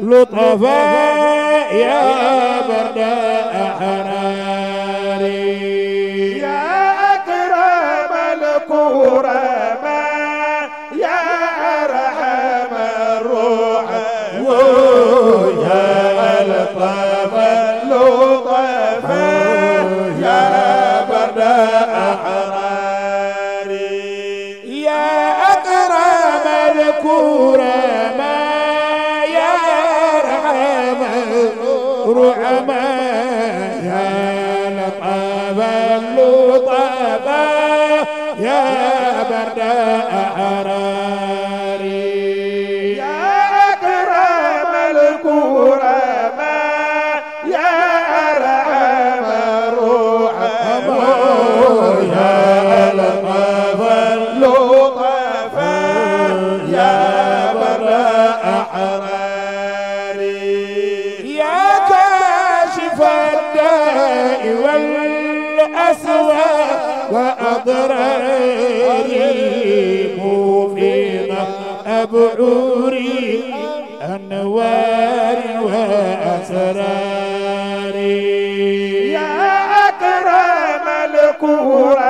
لطفا يا برد أحرام arda أسراري يا أكرم الكرى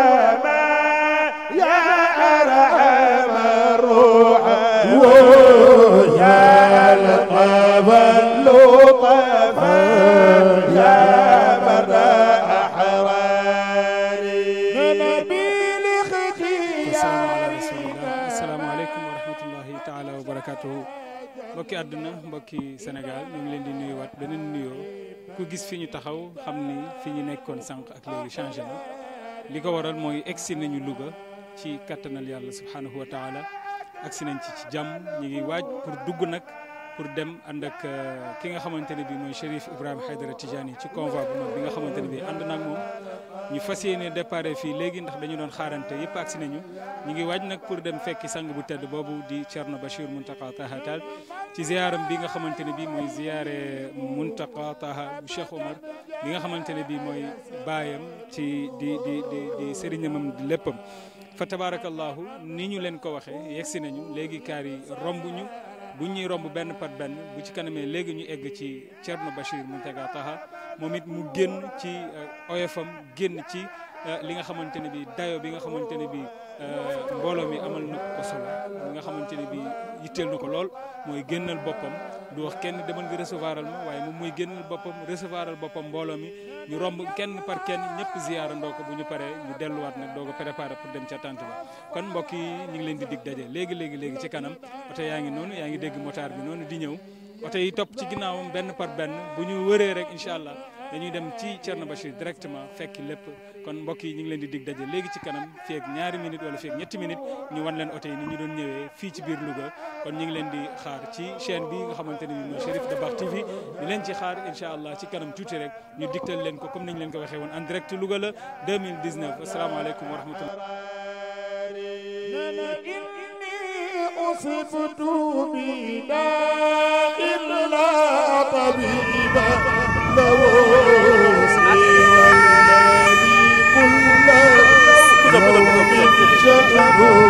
mbokki àdduna mbokki Sénégal ñu ngi leen di nuyuwaat beneen nuyoo ku gis fi ñu taxaw xam ni fi ñu nekkoon sànq ak léegi changé na li ko waral mooy egsi nañu Louga ci kattanal yàlla subhanahu wa taala agsi nañ ci ci jàmm ñu ngi waaj pour dugg nag pour dem ànd ak euh, ki nga xamante ne bii mooy Chérif Ibrahima Haydara Tijani ci convoi bu mag bi nga xamante ne bii ànd naag moom ñu fas yéene départ fii léegi ndax dañu doon xaarante yëpp agsi nañu ñu ngi waaj nag pour dem fekki sang bu tedd boobu di Thierno Bachir Mountakha Taha Tall ci ziaram bi nga xamante ne bii mooy ziare Mountakha Taha Cheikh Omar bi nga xamante ne bii mooy baayam ci di di di di sëriñamam di léppam fa tabarakallahu ni ñu leen ko waxee yegsi nañu léegi kaar yi romb ñu bu ñuy romb benn pat benn bu ci kanamee léegi ñu egg ci Thierno Bachir Mountaga Taha moom it mu génn ci euh, oyofam génn ci euh, li nga xamante ne bi dayo bi nga xamante ne bi euh, mbooloo mi amal na ko solo li nga xamante ne bi yitteel na ko lool mooy génnal boppam du wax kenn demal nga recevoiral ma waaye moom mooy génnal boppam recevoiral boppam mbooloo mi ñu romb kenn par kenn ñëpp ziyaarandoo ko bu ñu paree ñu delluwaat nag doo ko préparer pour dem ca tànt ba kon mbokk yi ñu leen di dig daje léegi léegi léegi ci kanam oto yaa ngi noonu yaa ngi dégg motard bi noonu di ñëw oto yi topp ci ginnaawam benn par benn bu ñu wëree rek incha allah dañuy dem ci Thierno Bachir directement fekk lépp kon mbokk yi ñu ngi leen di dig daje léegi ci kanam fii ñaari minutes wala fii ñetti minutes ñu wan leen oto yi ni ñu doon ñëwee fii ci biir Louga kon ñu ngi leen di xaar ci chaîne bi nga xamante ne mooy Cherif Dabakh TV di leen ci xaar incha allah ci kanam tuuti rek ñu digtal leen ko comme niñ leen ko waxee woon en direct Louga la 2019 asalaamaaleykum wa rahmatullah أصبت بداء Oh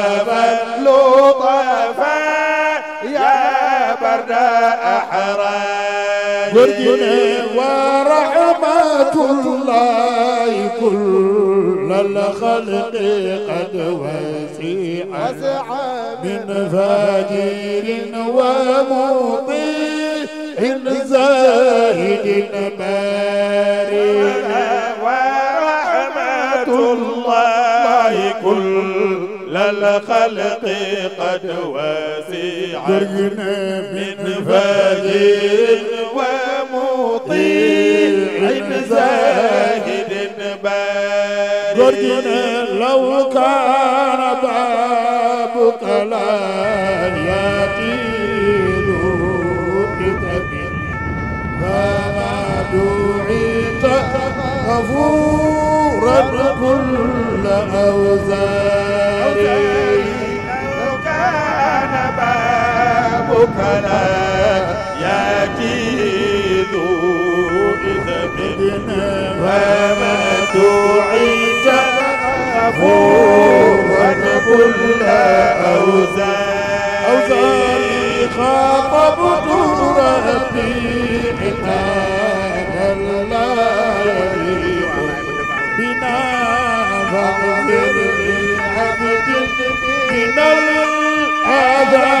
góor gi ne wa rahmatullahi kullal xalqi qad wasi'a min fajirin wa mudi'in zahidin barin wa rahmatullahi kullal الخلق قد وسع من فجير ومطيع زاهد بارئ لو كان بابك لا يطيل بقدر فما دعيت غفورا كل أوزار الكرم يأتي ذو إثم ومدعي غفورا كل أوزاري خاطبت ربي حتى الله بنا فاغفر لعبد من الأذى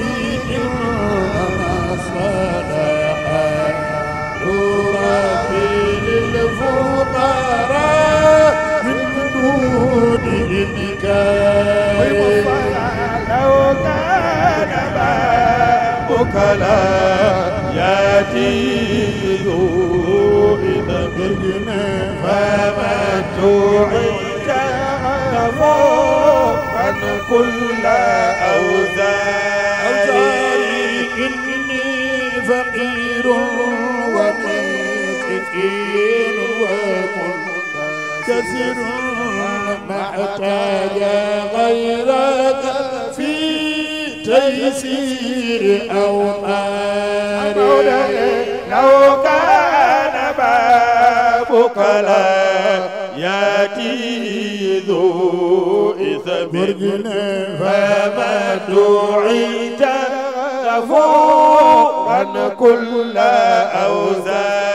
الفقراء من دون الكاي لو كان باؤك لا ياتي إذا بالغنى فما تعيد عن كل أوزاري إني فقير وقيت مختصر ما احتاج غيرك في تيسير او مارق لو كان بابك لا ياتي ذو اثم فما دعيت غفورا كل اوزار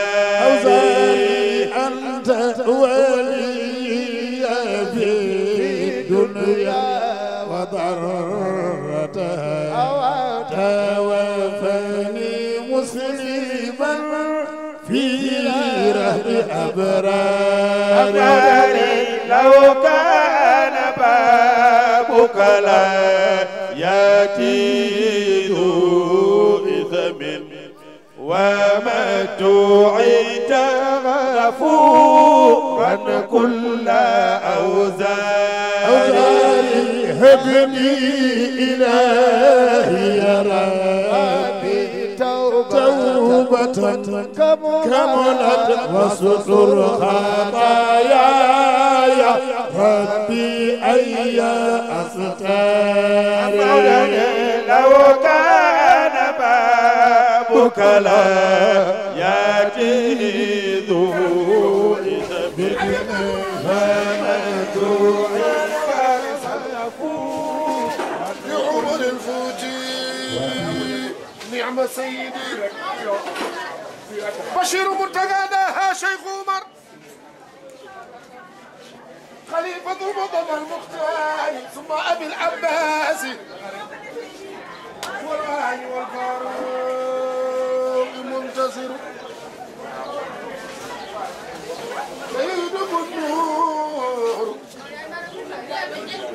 أبرار لو كان بابك لا يأتي ذو إثم وما تعيت غفورا كل أوزار هبني إلهي يا رب كملت وستر خطاياي ربي أي أستار لو كان بابك لا يأتي ذو لعمر الفوجي نعم سيدي بشير منتقى داها شيخ عمر خليفة المظلم المختار ثم أبي العباس والآي والفاروق المنتصر سيد النور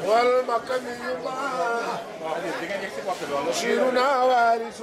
والمكمي الله بشيرنا وارث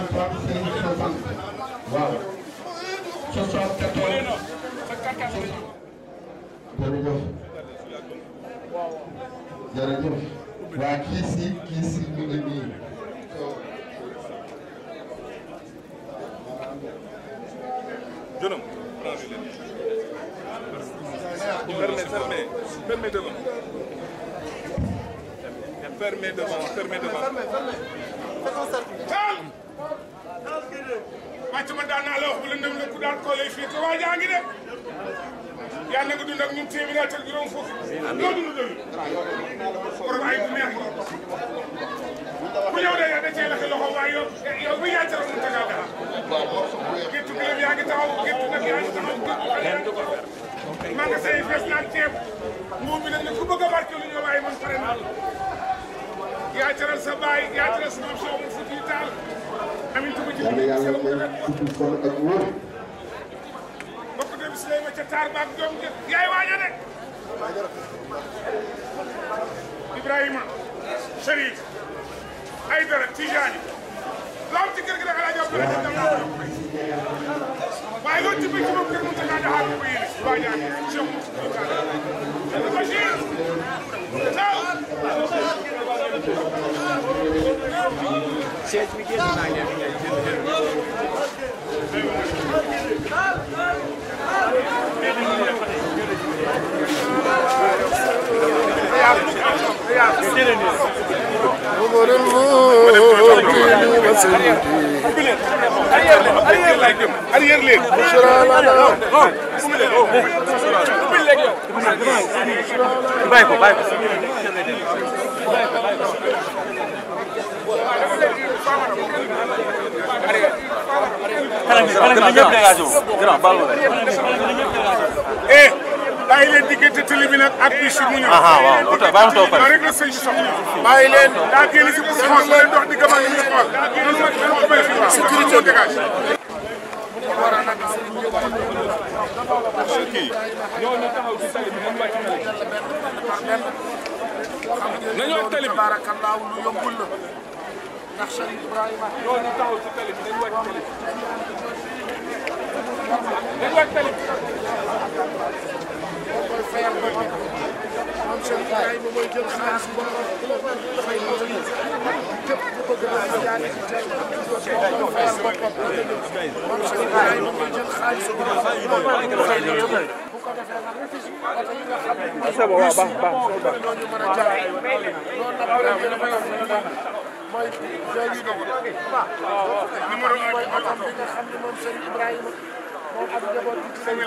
alpha Serigne Sousane waaw. soixante-quatorze. jërëjëf. jërëjëf. waa kii si kii si ñu ngi nii. jërëm. permet devant permet devant permet devant man ci man daan naa la wax bu la ndëm la ku daan koo lay féete waa jaa ngi de yàlla na nga dund ak ñun téeméer ak juróom fukk loo dund doyul borom ay bu neex ku ñëw de da cee laxe loxo waaye yow yow bi yaa jëloon mu tegal dara gittu gëlëm yaa ngi taxaw gittu nag yaa ngi taxaw magasin yi fees naan ceeb nguur bi nag ne ku bëgg a barke lu ñu waaye man pare naa yaa jëral sa baay yaa jëral sa maam soo mu futti taal yal na yàlla may gudd fan ak wóor. mbokk dem si lay ma ca taar ba ak doom ja yaay waaja de. Ibrahima. Chérif. Aïdara Tijani. loo am ci kër gi nag El Hadj Abdoulaye Diagne dama la ko yóbbu. waaye loolu ci biir ci moom kër mu tënkaa daxaar ko yéene. waaye yaa ngi Cheikh Moussa Diagne. Bachir. Siège bi génn naa leen عمر المؤمن وسيدي بشرى لنا بشرى لنا eh bàyyi leen diggante tëli bi nag ak bisu mu ñëw. waaw waaw ba am toog pare rek la sëñ si soxla. bàyyi leen daa génn si pour xool ba leen dox di gëm ak ñu xool. sécurité bi dégage. kii ñoo na taxaw ci tali bi moom wàcc na nañu ak tali bi tabaarakallaahu lu yombul la ndax Serigne Ibrahima ñoo ñu taxaw boo koy fayal ba pare moom seen gars yi moom mooy jël xaalis bu baax dafay moto yi képp ku bëgg naa si jaay ci tey boo koy fayal ba pare moom seen gars yi moom mooy jël xaalis bu baax dafay moto yi bu ko defee nag oto yi nga xam ne baax baax ñu mën a jaay loolu nag léegi dafa yor mooy léegi mooy oto bi nga xam ne moom seen Ibrahima moom ak njaboot bi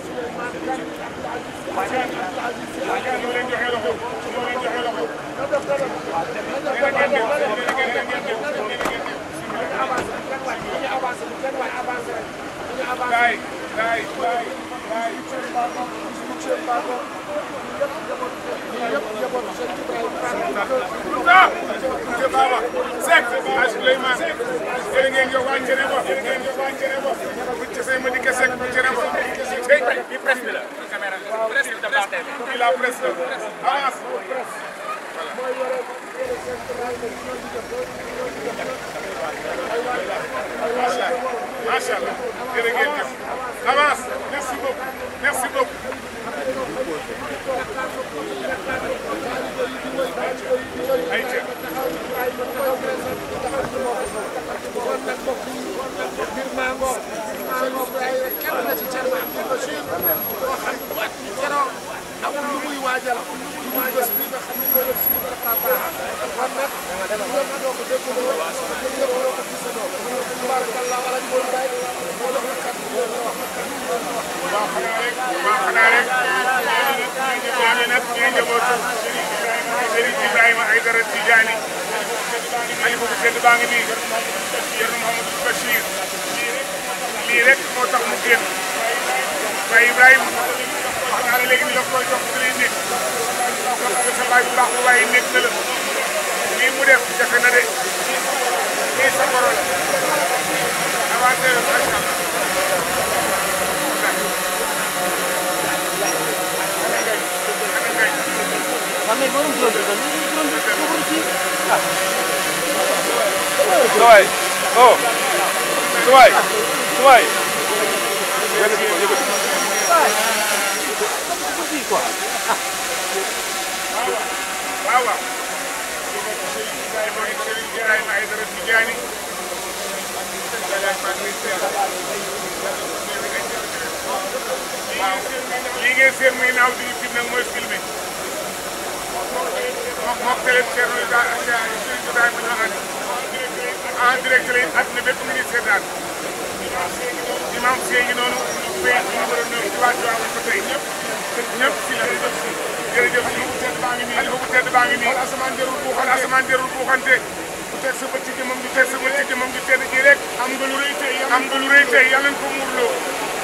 leen joxe loxo moo leen joxe loxo najgorą drogę, to nie jest drogę, to wróci. Tak. Słuchaj, o! Słuchaj, słuchaj! Ja nie wiem, nie wiem. Słuchaj! To jest guzik, Mała! Lii ngeen seen muy naaw di film nag mooy filmé moom kële Thierno Serigne Ibrahima ñoo ànd en direct lay àdduna bépp ñu ngi seetaan imam seegi noonu page numéro 9 ci waa Tivaouane ba tey ñëpp ñëpp si la jërëjëf si jërëjëf si bu tedd baa ngi nii bu tedd baa ngi nii xool asamaan jërul buuxante asamaan jërul buuxante bu teg sa bët ci jëmam du teg sa bët ci jëmam du tedd ji rek am nga lu rëy tey am nga lu rëy tey yàlla na ko muurloo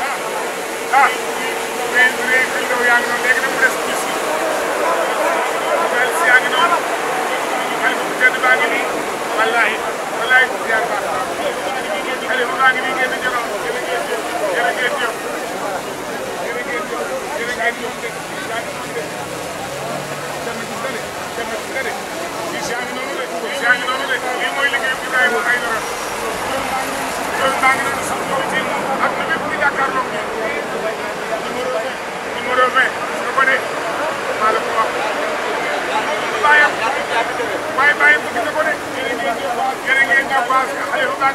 ah ah mais léegi ndaw yaa ngi noonu léegi nag mu des baa ngi noonu xalifa bu tedd baa ngi nii wallaahi wallaahi ziar baax xalifa baa ngi nii ngeen di jëloon jërë ngeen jëf jërë ngeen jëf jërë ngeen jëf jërë ngeen jëf lii mooy liggéeyu Ibrahima Aïdara loolu baa ngi noonu sax loolu ci ak na bépp ñu jàkkaarloo numéro 20 numéro 20 nga ko ne maa la ko bàyyam waaye bàyyam bëgg na ko de jërë ngeen jëf waa xalifa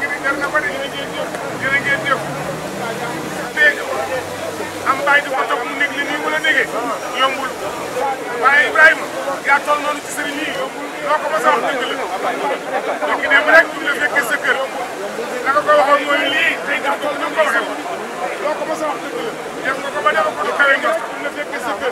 di ko toog nekk li nii wala déggee yombul waaye Ibrahima yaa toll noonu ci sëriñ yi loo ko mos a wax dëgg la dem rek bu la fekkee sa kër la nga lii tey def ko la def nga ko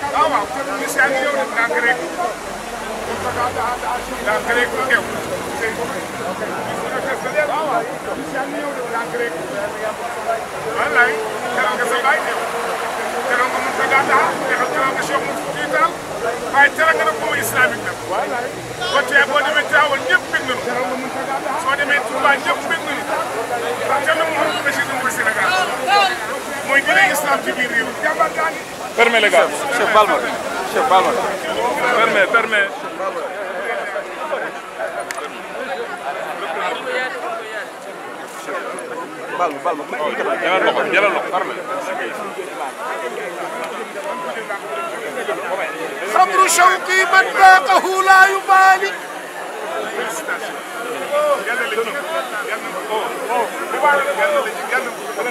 waaw waaw te mu si ak yow rek daa ko rek daa ko rek teew. wallaay keroog nga sa baay teew keroog nga mun ko gàttal keroog keroog nga Cheikh Moussa kii taal waaye keroog nga nag moomu islamique nag. boo tee boo demee Tivaouane ñëpp bëgg nañu soo demee Touba ñëpp bëgg nañu mooy gën a islam ci biir réew jàmbaar gaa ngi. permet les gars chef Balma chef Balma. permet permet. Balma Balma. jëlal loxo jëlal loxo permet. sabru shawqi man daaqahu laa yubaali. yàlla la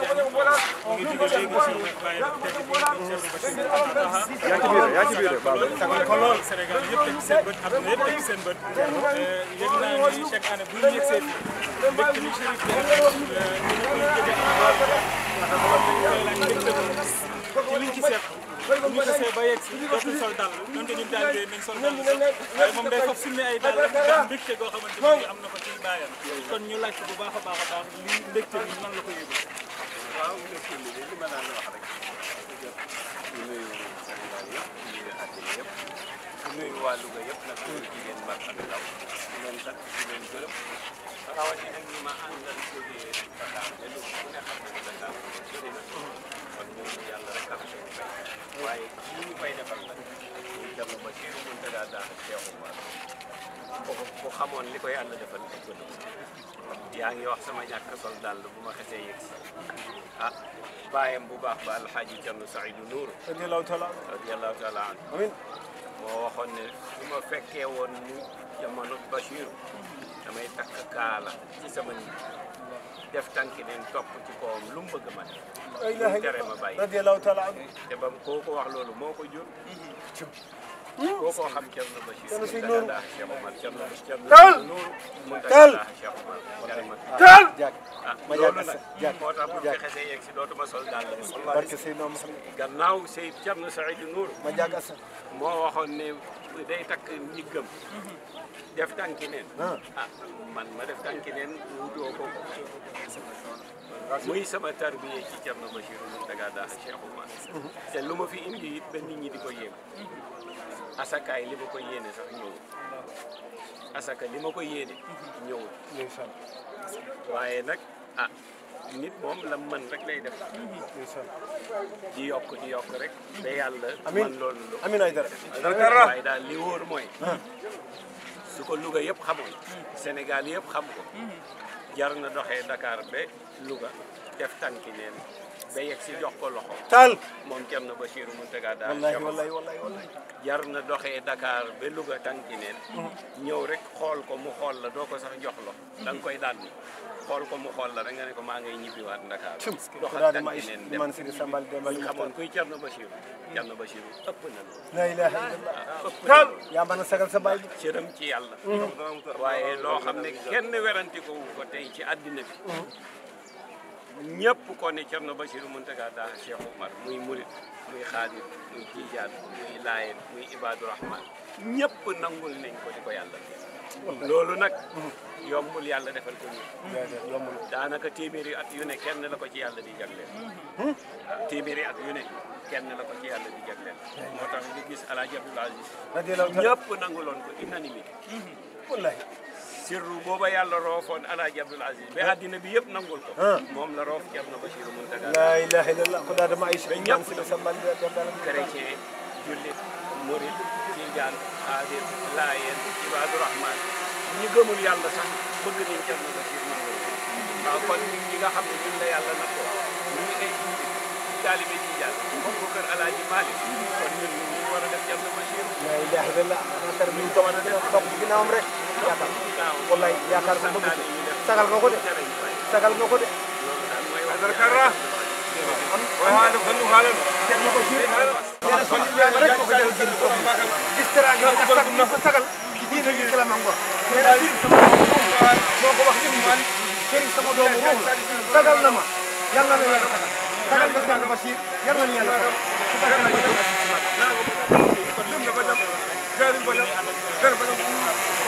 yaa ci biir yaa ci biir baax na kon loolu Sénégal yëpp teg seen bët am na yëpp teg seen bët yëg naa ni chaque année bu ñu yegsee fii mbégte bi Chérif di am rek ñu koy jóge ci liñ ci seet bu ñu gisee ba yegg si dootul sol dàll donte ñun daal yooyu nañ sol dàll waaye moom day foofu suñu ay dàll ndax mbégte goo xamante ni am na ko ci baayam kon ñu laajte bu baax a baax a baax li mbégte bi nan la ko yóbbu waaw métier bi de li a daan wax rek di nuyu Sénégal yëpp di nuyu àddina yëpp di nuyu waa Louga yëpp nag góor jigéen mag ak ndaw di leen sant di leen gërëm rawatina ñi ma àndal jógee Dakar ne Louga ku ne xam ne Dakar sori na kon ñooñu yàlla rek am seen fay waaye li ñu fay defal nag Cerno Bachir Mountaga Daax ak ku xamoon li ko yàlla defal di ko yaa ngi wax sama ñàkk sol daal bu ma xasee yëg si ah bàyyam bu baax ba alxaaji Cerno Saidu Nuur radiyallaahu taala radiyallaahu taala anhu moo waxoon ne su ma fekkee woon ni jamono Bachir damay takk kaala ci sama nit def tànki neen topp ci kawam lu mu bëgg ma def lu mu tere taala anhu te bam koo ko wax loolu moo ko koo koo xam Thierno Bachir. Thierno Bachir Nour Tall Tall Tall. ah loolu nag moo tax bu fexe see yegg si dootuma sol daal la. barke Seydina Mouhamed. gannaaw Seyd Thierno Saïd Nour. ma jàgg Assane. moo waxoon ne day takk njëggam. def tànki neen. ah man ma def tànki neen wutoo ko. muy sama tarbiye ci Thierno Bachir Nour daga daax Cheikh Oumar. te lu ma fi indi it ba nit ñi di ko yéem. asaka yi li ma ko yéene sax ñëwul asaka li ma ko yéene ñëwul waaye nag ah nit moom la man rek lay def di yokk di yokk rek te yàlla man loolu lu amin ay dara waaye daal li wóor mooy ah. su ko Louga yëpp xamoon Sénégal yëpp xam ko jar na doxee Dakar ba Louga def tànki neen ba yegg si jox ko loxo. tànk moom jëm na Bachirou Mountaga daal. wallaahi wallaahi wallaahi jar na doxee Dakar ba Louga tànki neen. Mhm. ñëw rek xool ko mu xool la doo ko sax jox loxo. da nga koy daan xool ko mu xool la da nga ne ko maa ngay ñibbiwaat Dakar. doxal tànki neen dem man Sidi Sambal Demba ñu xamoon kuy Thierno Bachirou. Thierno Bachirou ëpp na loolu. la ilaha ah, ëpp na loolu. yaa mën a sagal sa bàyyi. Ah, cëram ci yàlla. Mhm. waaye loo xam ne kenn weranti ko wu ko tey ci àddina bi. Mhm. ñëpp ko ne Cerno Bachir Mountaga Daha Cheikh Oumar muy murit muy xaadir muy tijaan muy laayeen muy ibadu rahman ñëpp nangul nañ ko di ko yàlla loolu nag yombul yàlla defal ko daanaka téeméeri at yu ne kenn la ko ci yàlla di jagleel hmm? téeméeri at yu ne kenn la ko ci yàlla di jagleel moo tax ñu gis Alaaji Abdul Aziz ñëpp nanguloon ko unanimité wallahi sirru booba yàlla roofoon alaaji Abdoul Aziz ba àddina ah. bi yëpp nangul ko ah. moom la roof Ceerno Basiru Muntaga laa ilaaha illallaah ko daa dama ay ba ñëpp chrétien jullit murit tijaan xaadir laayeen ibaadu rahmaan ñi gëmul yàlla sax bëgg nañ Ceerno Basiru nangul waaw kon nit ñi nga xam ne ñun la yàlla na ko ñu ngi ay jullit taalibe tijaan moom ko kër alaaji Maalik kon ñun ñu war a def Ceerno Basiru laa ilaaha illallaah xanaa tar bi ñu ko war a def topp ginnaawam rek yaakaar wallaay yaakaar bu bëgg sagal nga ko de sagal nga ko de adarkara am walu fanu halal te ko ci dara ko ci yalla rek ko jël gën ko distara nga sax na ko sagal ni na gi la mango dara ci sama moo ko wax ni man sëriñ sama doomu ruux sagal na ma yalla na yalla sagal nga sagal Bachir yalla na yalla sagal na ko na ko ko dum na ba dam garim ba dam garim ba dam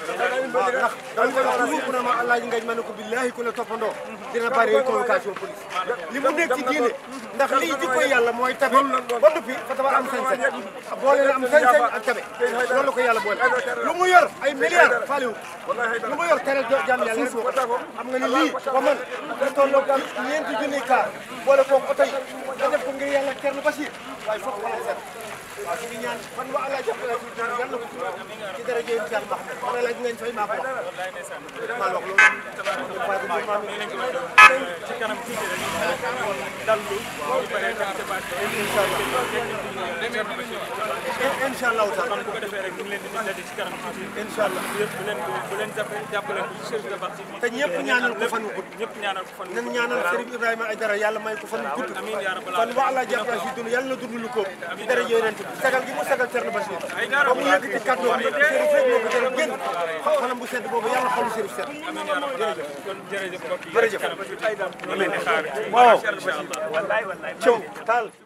dañ ko wax toujours mu ne ma alaaji ngañ ma ne ko billaahi ku la toppandoo dina bari convocation police li mu nekk ci diine ndax lii jikko yàlla mooy tabe ba noppi fa taba am sañ-sañ boole am sañ-sañ ko yàlla boole lu mu nga ni lii ba man da tolloo am ñeenti junni kaar boole koog oto yi da def ko ngir yàlla Thierno Bachir waaye foog ngeen fay maa ko wax maa la wax loolu ñu fay ci kanam tuuti dal lu incha allahu taala bu ko defee rek ñu ngi leen di dajale ci kanam tuuti incha allah yëpp bu leen bu leen jàppee jàppale ko ci service de parti te ñëpp ñaanal ko fan wu gudd ñëpp ñaanal ko fan wu gudd nañ ñaanal Serigne Ibrahima Aïdara yàlla may ko fan wu gudd amiin yaa rabbal fan wala jàppal si dund yàlla na dund lu ko ci dara yonent bi sagal gi mu sagal Thierno Bachir ba mu yëg ci kàddoom nag Serigne Seck moo ko jël génn xalam bu sedd boobu yàlla xolu Serigne Seck amiin yaa rabbal kon jërëjëf mbokk yi jërëjëf amiin waaw wallaay wallaay taal